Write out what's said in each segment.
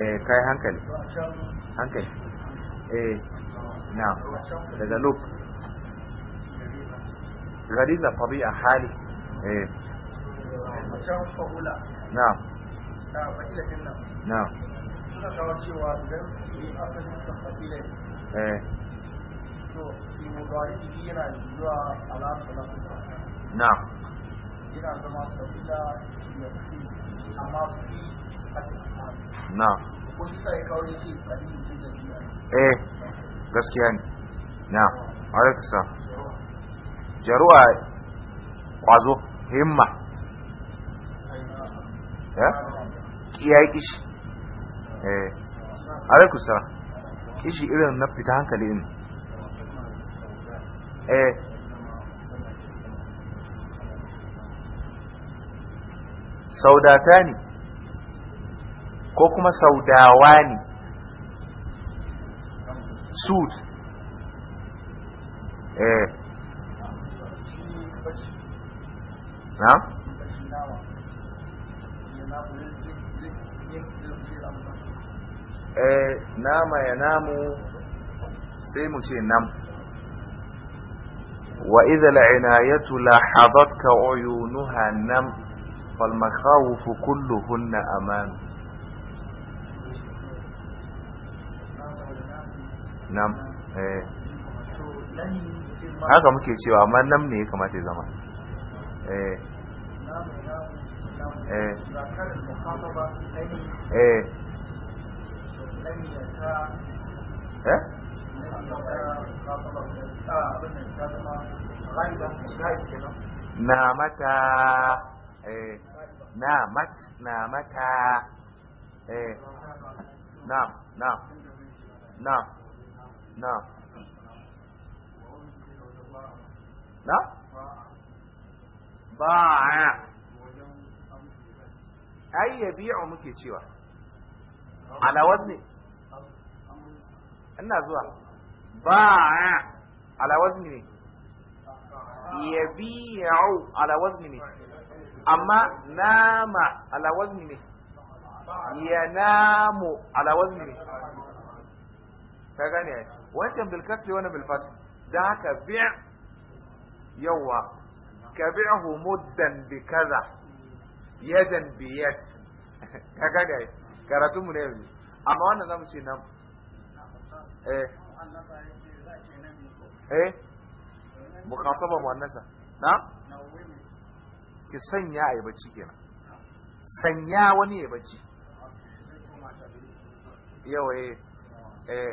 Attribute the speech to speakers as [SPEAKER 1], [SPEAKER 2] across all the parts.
[SPEAKER 1] Eh, kai hankali hankali eh na daga look gariza fabi a hali eh
[SPEAKER 2] Macan fahula. na ta fahila din nan na suna kawo cewa idan yi asalin sa fa'ila eh So, yi mudari yana zuwa da na ba. na yana zama fa'ila yana fi amma fi na
[SPEAKER 1] eh gaskiya ne na alaikusa jaruwa kwazo himma ya eh? kiyaye kishi eh alaikusa kishi irin na fita hankali ne eh saudatani ko kuma saudawa ne suit eh na? eh nama ya namu sai mu ce nam wa idha وإذا العناية uyunuha nam fal makhawfu kulluhunna amanu nam eh haka muke cewa amma nam ne ya kamata ya zama eh eh eh, eh? na mata eh. na mat na mata eh. na na na na na ya biya wa muke cewa
[SPEAKER 2] alawazni.
[SPEAKER 1] ina zuwa ba'a ala Alawazni ne Ya biya ala Alawazni ne amma nama Alawazni ne Ya ala Alawazni ne Ta ka ya yi. wancan bil wani bilfat da haka bi' yawa kabi'hu muddan bi kaza yadan bi yad ka gane Karatun karatu mu ne yanzu amma wannan zamu ce nan eh eh mukhataba muannasa na ki sanya ai bacci kenan sanya wani ya bacci yawa eh eh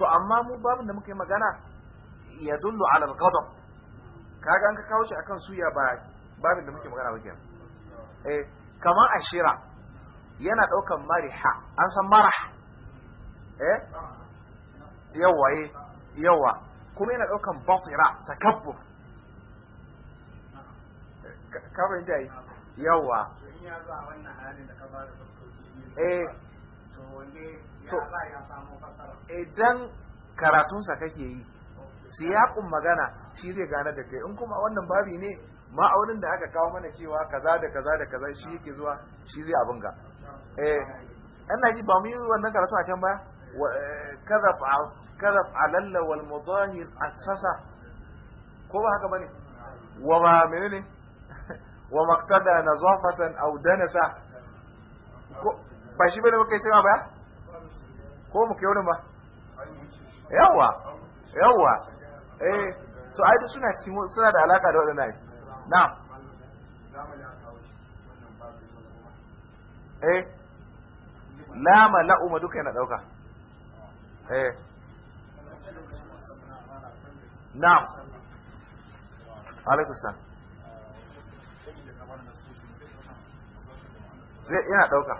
[SPEAKER 1] to amma mu babin da muka yi magana ya dullu ala al-ghadab kaga an ka kawo shi akan suya ba babin da muke magana ba kenan eh kamar ashira yana daukan mariha an san marah eh yawa eh yawa kuma yana daukan batira takabbur ka fahimta yawa eh idan karatunsa kake yi siyakun magana shi zai gane da kai in kuma wannan babi ne ma'aunin da aka kawo mana cewa kaza da kaza da kaza shi yake zuwa shi zai abin ga eh ana ji ba mu yi wannan karatu a can baya kaza kaza alalla wal mudahir asasa ko ba haka bane wa ma menene wa maqtada nazafatan aw danasa ba shi bane muka yi cewa ba ko muka yi ba yawa yawa eh to ai suna cikin suna da alaka da waɗannan na'am eh lama la'uma duka yana dauka eh na'am alaikum salam zai yana dauka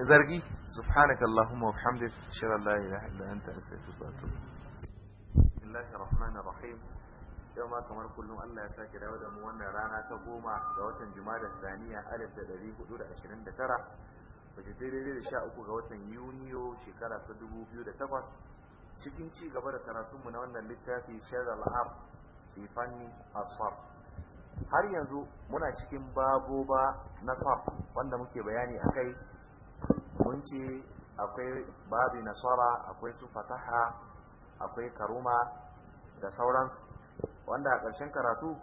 [SPEAKER 1] zargi subhanak allahumma wa bihamdika ashhadu an la ilaha illa anta astaghfiruka wa atubu rahmanir rahim yau ma kamar kullum Allah ya sake dawo da mu wannan rana ta goma ga watan Jumada Saniya alif da ɗari hudu da ashirin da tara wajen daidai da sha ga watan Yuniyo shekara ta dubu biyu da takwas cikin ci gaba da karatunmu na wannan littafi Shadal Ab fi fanni asfar har yanzu muna cikin ba na saf wanda muke bayani akai mun ce akwai babi nasara akwai su fataha akwai karuma da sauransu wanda a ƙarshen karatu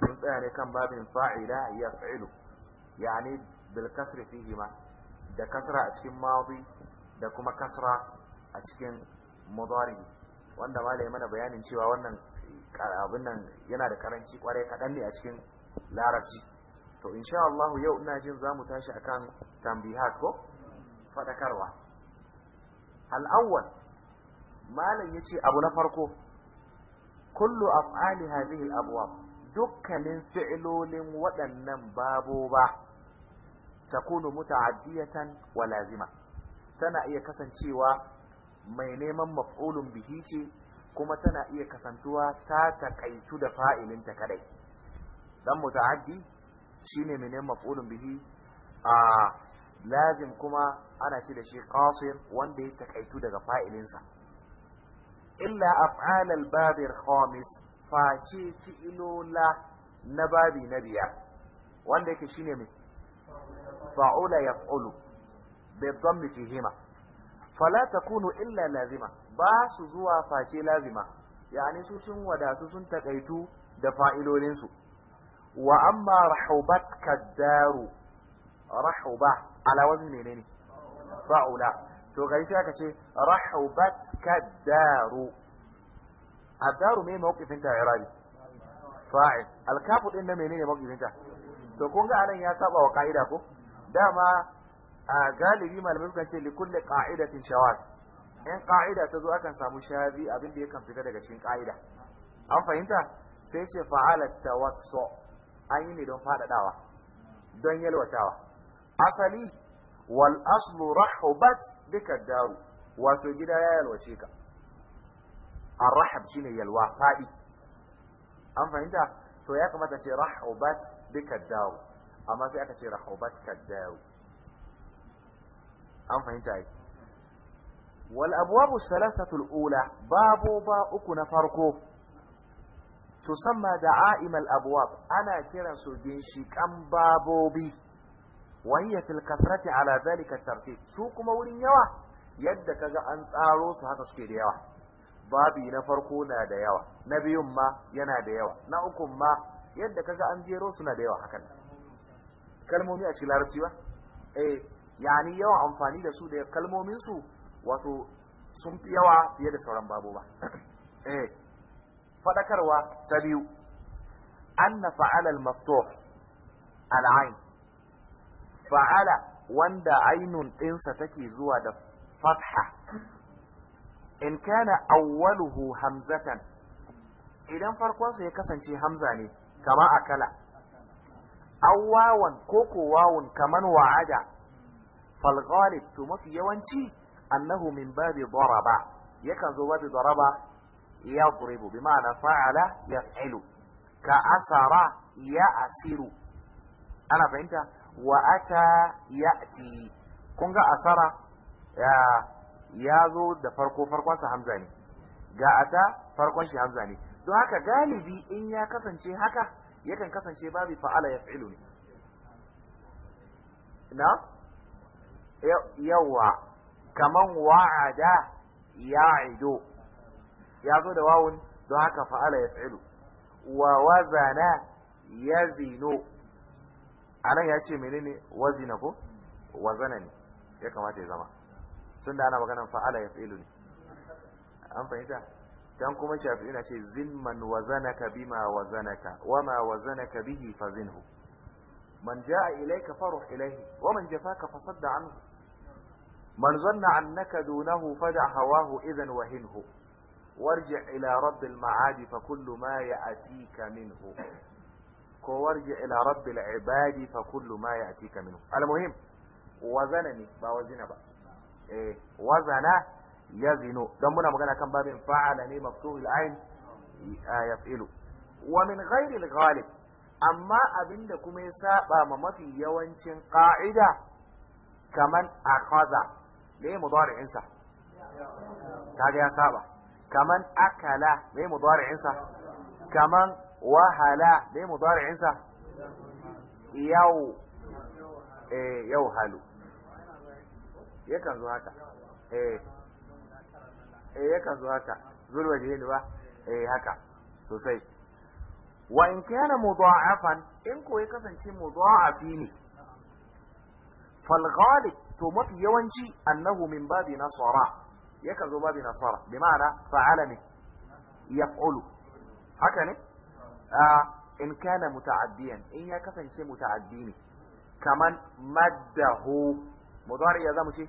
[SPEAKER 1] sun tsaya ne kan babin fa'ila ya fa'ilu yani bil kasri fihi da kasra a cikin madi da kuma kasra a cikin mudari wanda malai mana bayanin cewa wannan abin nan yana da karanci kwarai kaɗan ne a cikin larabci to insha Allah yau ina jin za mu tashi akan tambihat ko fadakarwa al'awwal malam ya ce abu na farko kullu af'ali hadhihi al-abwab dukkanin fi'ilolin waɗannan ta takunu muta'addiyatan wa lazima tana iya kasancewa mai neman maf'ulun bihi ce kuma tana iya kasantuwa ta takaitu da fa'ilinta kadai dan muta'addi shine mai neman maf'ulun bihi a lazim kuma ana ce da shi qasir wanda ya takaitu daga fa'ilinsa illa af'al al-bab al-khamis face fi'ilola na babi na biyar wanda yake shine mai fa'ula yaf'ulu bi dhammi fihima fala takunu illa lazima ba su zuwa face lazima yani su sun wadatu sun takaitu da fa'ilolinsu wa amma rahubat kaddaru rahuba ala wazni menene fa'ula to gari sai aka ce rahubat kadaru adaru me mawqifin ta irabi fa'il alkafu din da menene mawqifin ta to kun ga anan ya saba wa kaida ko dama a galibi malamin sukan ce likulli qa'idatin shawaz in qa'ida ta zo akan samu shabi abin da kan fita daga cikin qa'ida an fahimta sai ce fa'alat tawassu an yi ne don fadadawa don yalwatawa الحصلي والأصل رحبت بك الدار وتجد يا الوشيكة الرحب شيني الوفاء أم فهمت تويق ما تشي رحبت بك الدار أما سيأك تشي بات الدار أم فهمت والأبواب الثلاثة الأولى باب باؤك نفركو تسمى دعائم الأبواب أنا كرا سجنشي كم بابو بي wa hiya fil kasrati ala dhalika tartib su kuma wurin yawa yadda kaga an tsaro su haka suke da yawa babi na farko na da yawa na biyun ma yana da yawa na ukun ma yadda kaga an jero suna da yawa hakan kalmomi a cikin ba eh yani yawan amfani da su da kalmomin su wato yawa fiye da sauran babu ba eh fadakarwa ta biyu anna fa'ala al-maftuh fa'ala wanda ainun ɗinsa take zuwa da fatha in kana awwaluhu hamzatan idan farkonsa ya kasance hamza ne kama akala awwawan ko ko wawun kaman wa'ada fal to mafi yawanci annahu min babi daraba yakan zo babi daraba yadribu bi ma'ana fa'ala yaf'ilu
[SPEAKER 2] ka asara
[SPEAKER 1] ya asiru ana fahimta wa ata ya'ti kun ga asara ya ya zo da farko farkon sa hamza ne ga ata farkon shi hamza ne don haka galibi in ya kasance haka yakan kasance babu fa'ala fi'ilu ne na yawa kaman wa'ada ido ya zo da wawun don haka fa'ala fi'ilu wa wazana zino anan ya ce menene wazina ko wazana ne ya kamata ya zama tun da ana maganan fa'ala ya fi ne an fahimta can kuma shafi yana ce zilman ka, wa ma wazana ka bihi fa zinhu. man ja a faru jaa Wa faruh ilayhi waman jafaka fasadda anhu man zanna annaka dunahu fada hawahu idhan wahinhu warji' ila rabbil ma'adi fa kullu ma ya'tika minhu ko warji ila rabbil ibadi fa kullu ma ya'tika minhu almuhim wazana ne ba wazina ba eh wazana yazinu dan muna magana kan babin fa'ala ne maftuhul ain yaf'ilu wa min ghairi al-ghalib amma abinda kuma ya saba ma mafi yawancin qa'ida kaman akhadha me mudari'in sa kaga ya saba kaman akala me mudari'in sa kaman wahala bai mudari'insa yau eh yau halu yakan zo haka eh eh zo haka zulwa jihil ba eh haka sosai wa in kana mudha'afan in ko ya kasance mudha'afi ne fal to mafi yawanci annahu min babi nasara yakan zo babi nasara bi ma'ana fa'ala ne yaf'ulu haka ne a in kana muta'addiyan in ya kasance muta'addi ne kaman maddahu mudari ya zamu ce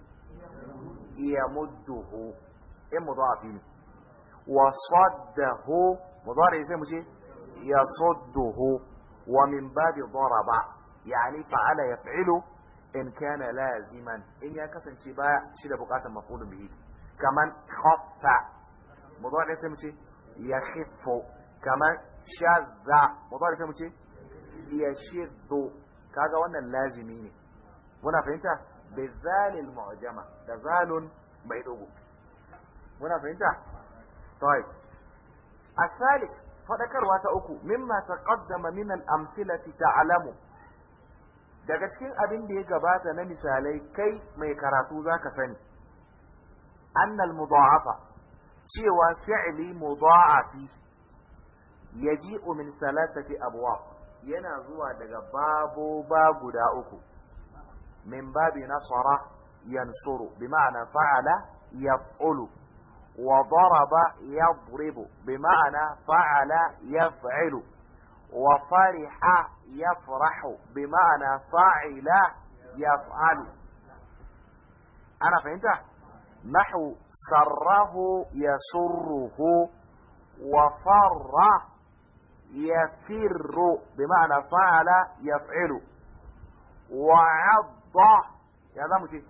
[SPEAKER 1] ya mudduhu in mudafi ne wa saddahu mudari sai mu ce ya sadduhu wa min babi daraba yani fa'ala yaf'ilu in kana laziman in ya kasance ba shi da bukatar mafulun bihi kaman khaffa mudari sai mu ce ya khiffu kaman shadda mudari sai mu ce Ya shiddo kaga wannan lazimi ne muna fahimta bi zalil mu'jama da zalun mai dogo muna fahimta طيب الثالث fadakarwa ta uku mimma taqaddama min al amsilati ta'lamu daga cikin abin da ya gabata na misalai kai mai karatu zaka sani annal mudha'afa cewa fi'li mudha'afi yaji'u min salasati abwab yana zuwa daga babo ba guda uku min babi nasara yansuru bi ma'ana fa'ala yaf'ulu wa daraba yadribu bi ma'ana fa'ala yaf'ilu wa fariha yafrahu bi ma'ana fa'ila yaf'alu ana fahimta nahwu sarrahu yasurruhu wa farra يفر بمعنى فعل يفعل وعض يا ده مش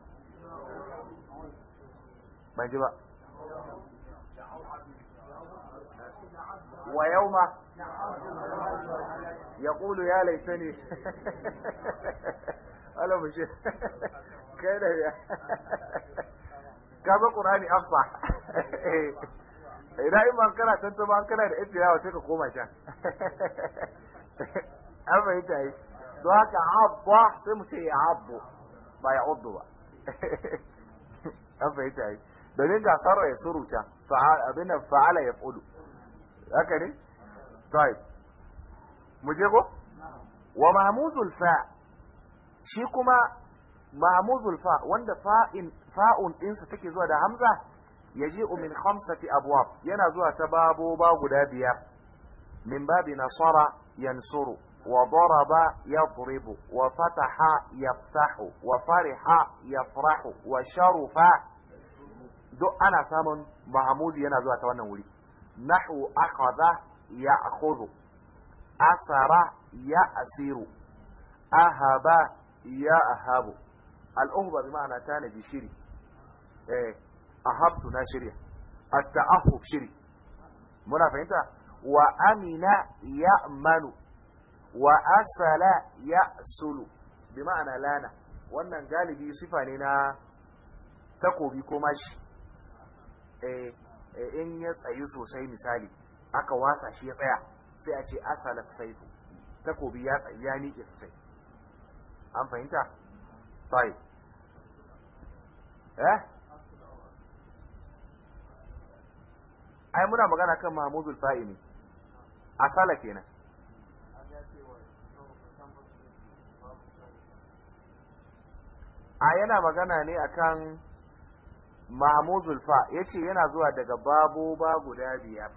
[SPEAKER 1] ما يجي بقى ويوم يقول يا ليتني انا مش كده يا كما قراني افصح idan in ba kana ba kana da ita yawa sai ka koma sha an fahimta yi don haka abba sai mu ce ya abbo ba ya uddu ba an fahimta yi domin ga sarra ya suruta abin nan fa'ala ya fudu haka ne Mu je ko wa mamuzul fa shi kuma mamuzul fa wanda fa'in fa'un dinsa take zuwa da hamza yaji'u min khamsati abwab yana zuwa ta baboba guda biyar min babi nasara yansuru wa daraba yadribu wa fataha yaftahu wa fariha yafrahu wa sharufa duk ana samun mahamuzi yana zuwa ta wannan wuri nahu akhadha ya'khudhu asara ya'siru ahaba ya'habu al'uhba bi ma'ana tanaji shiri eh ahabtu na shirya at-ta'ahub shiri muna fahimta wa amina ya'manu wa asala ya'sulu bi ma'ana lana wannan galibi sifa ne na takobi ko mashi eh in ya tsayi sosai misali aka wasa shi ya tsaya sai a ce asala saifu takobi ya tsayi ya miƙe sosai an fahimta eh ai muna magana kan mahmudul fa'ili asala kenan a yana magana ne akan mahmudul fa yace yana zuwa daga babo ba guda biyar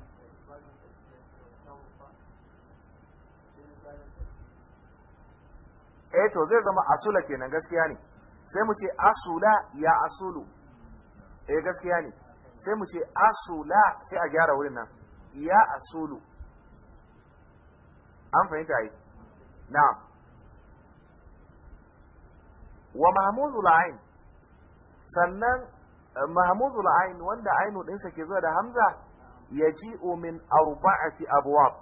[SPEAKER 1] eh to zai zama asula kenan gaskiya ne sai mu ce asula ya asulu eh gaskiya ne sai mu ce asula sai a gyara wurin nan ya asulu an fahimta yi na wa mahmuzul ain sannan mahmuzul ain wanda ainu ɗinsa ke zuwa da hamza Ya yaji'u min arba'ati abwab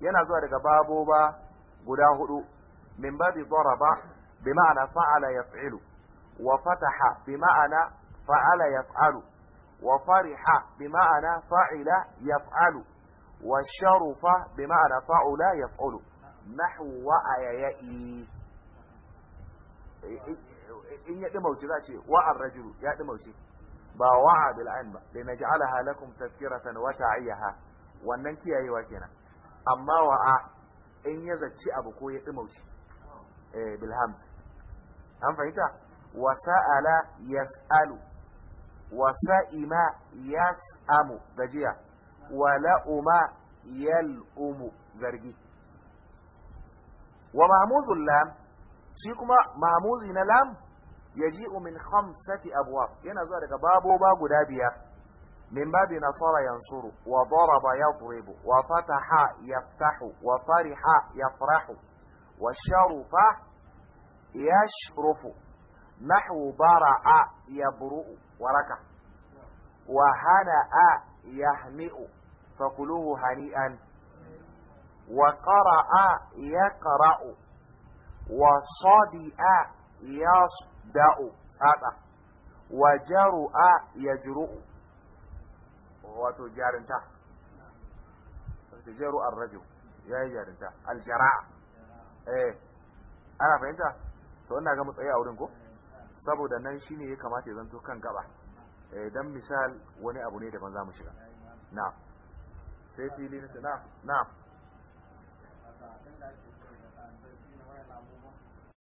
[SPEAKER 1] yana zuwa daga ba guda hudu min babi ba bi ma'ana fa'ala yaf'ilu wa fataha bi ma'ana fa'ala yaf'alu وفرح بمعنى فعل يفعل والشرف بمعنى فعل يفعل نحو وأيائي إن يدموشي ذا شيء وعى الرجل يدموشي باوعى بالعنب لنجعلها لكم تذكرة وتعيها وننكي أي وكنا أما وعى إن يزد شيء أبوكو يدموشي بالهمس هم فهمتا وسأل يسأل وسئم يسأم دجية ولأما يلأم زرقي ومعموز اللام شيكما معموز لام يجيء من خمسة أبواب هنا زوار باب باب دابيا من باب نصر ينصر وضرب يضرب وفتح يفتح وفرح يفرح وشرف يشرف نحو برع يبرؤ waraka wa a yahmi'u fakuluhu hani'an wa ya ƙara'u wa a ya yasda'u tsada wa jaru a ya yajru'u wato jarinta wato jaru arrajul yayi jarinta aljara'a eh ana fahimta to ina ga matsayi a wurin ko saboda nan shi ne ya kamata ya zanto kan gaba idan eh, misal wani abu ne da ban za mu shiga na sai fili na na